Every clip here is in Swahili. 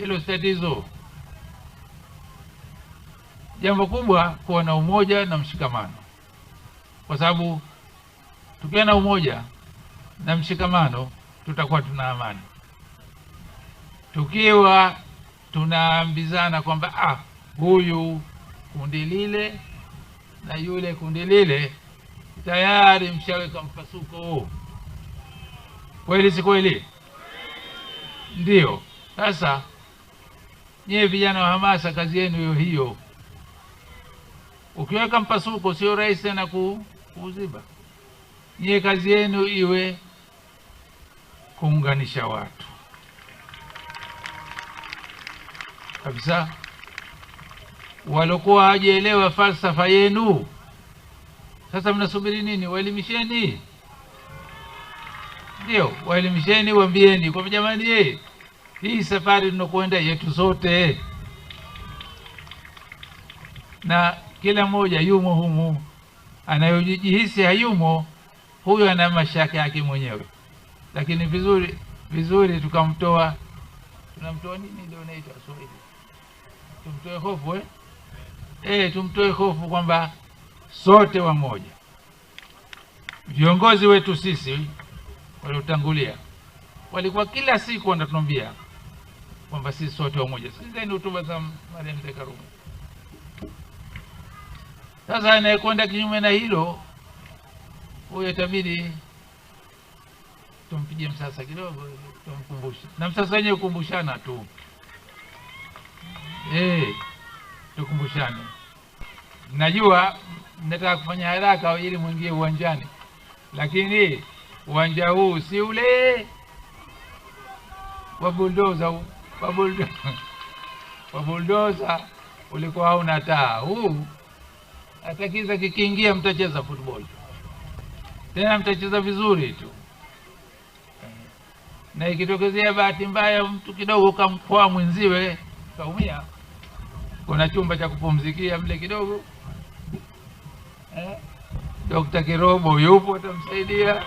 hilo sitatizo. Jambo kubwa kuwa na umoja na mshikamano, kwa sababu tukiwa na umoja na mshikamano tutakuwa tuna amani. Tukiwa tunaambizana kwamba ah, huyu kundi lile na yule kundi lile, tayari mshaweka mpasuko huu. Kweli si kweli? Ndio. Sasa nyewe vijana wa hamasa kazi yenu hiyo hiyo. Ukiweka mpasuko sio rahisi tena kuuziba. Nyewe kazi yenu iwe kuunganisha watu kabisa. Waliokuwa hawajaelewa falsafa yenu, sasa mnasubiri nini? Waelimisheni, ndio waelimisheni, waambieni kwamba jamani, yeye eh, hii safari tunakwenda yetu zote na kila mmoja yumo humu. Anayojihisi hayumo huyo ana mashaka yake mwenyewe, lakini vizuri vizuri tukamtoa, tunamtoa nini, ndio naita Swahili, tumtoe hofu eh? Eh, tumtoe hofu kwamba sote wamoja, viongozi wetu sisi waliotangulia walikuwa kila siku wanatuambia kwamba sisi sote wamoja. Sikilizeni hotuba za marehemu Mzee Karume. Sasa anayekwenda kinyume na hilo, huyo itabidi tumpige msasa kidogo, tumkumbushe na msasa wenyewe kukumbushana tu eh, tukumbushane. Najua nataka kufanya haraka ili mwingie uwanjani, lakini uwanja huu si ule wa buldoza huu wabuldoza ulikuwa hauna taa. Huu hata kiza kikiingia, mtacheza football tena, mtacheza vizuri tu, na ikitokezea bahati mbaya mtu kidogo kamkwaa mwenziwe kaumia, kuna chumba cha kupumzikia mle kidogo eh? Dokta Kirobo yupo, atamsaidia.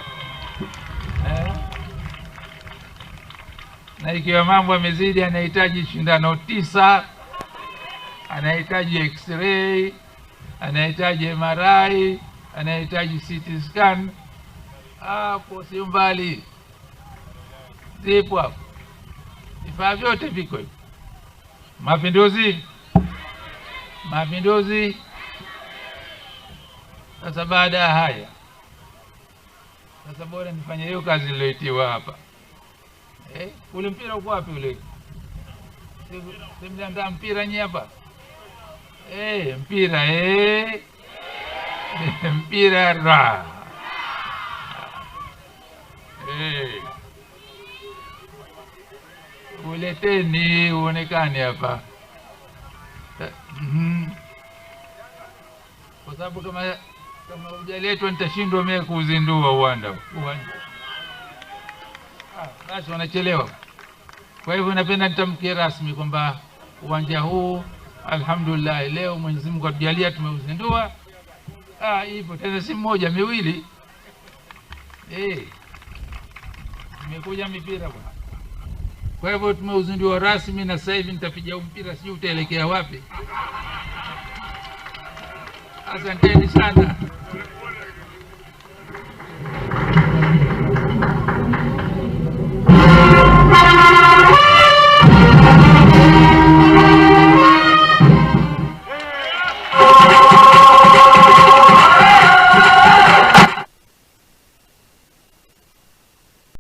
na ikiwa mambo yamezidi, anahitaji shindano tisa, anahitaji x-ray, anahitaji MRI, anahitaji CT scan. Hapo si mbali, zipo hapo, vifaa vyote viko hivyo. Mapinduzi, mapinduzi. Sasa baada ya haya, sasa bora nifanye hiyo kazi niliyoitiwa hapa eh? Ule mpira uko wapi ule? Simliandaa mpira nyi hapa eh, mpira eh. mpira ra eh. Uleteni uonekane hapa eh, mhm. kwa sababu kama kama hujaletwa nitashindwa mimi kuuzindua uwanja uwanja Ah, basi wanachelewa. Kwa hivyo napenda nitamkie rasmi kwamba uwanja huu alhamdulillah, leo Mwenyezi Mungu atujalia tumeuzindua. Ah, ipo tena si mmoja, miwili eh, imekuja mipira bwana. Kwa hivyo tumeuzindua rasmi, na sasa hivi nitapiga mpira, sijui utaelekea wapi. Asanteni sana.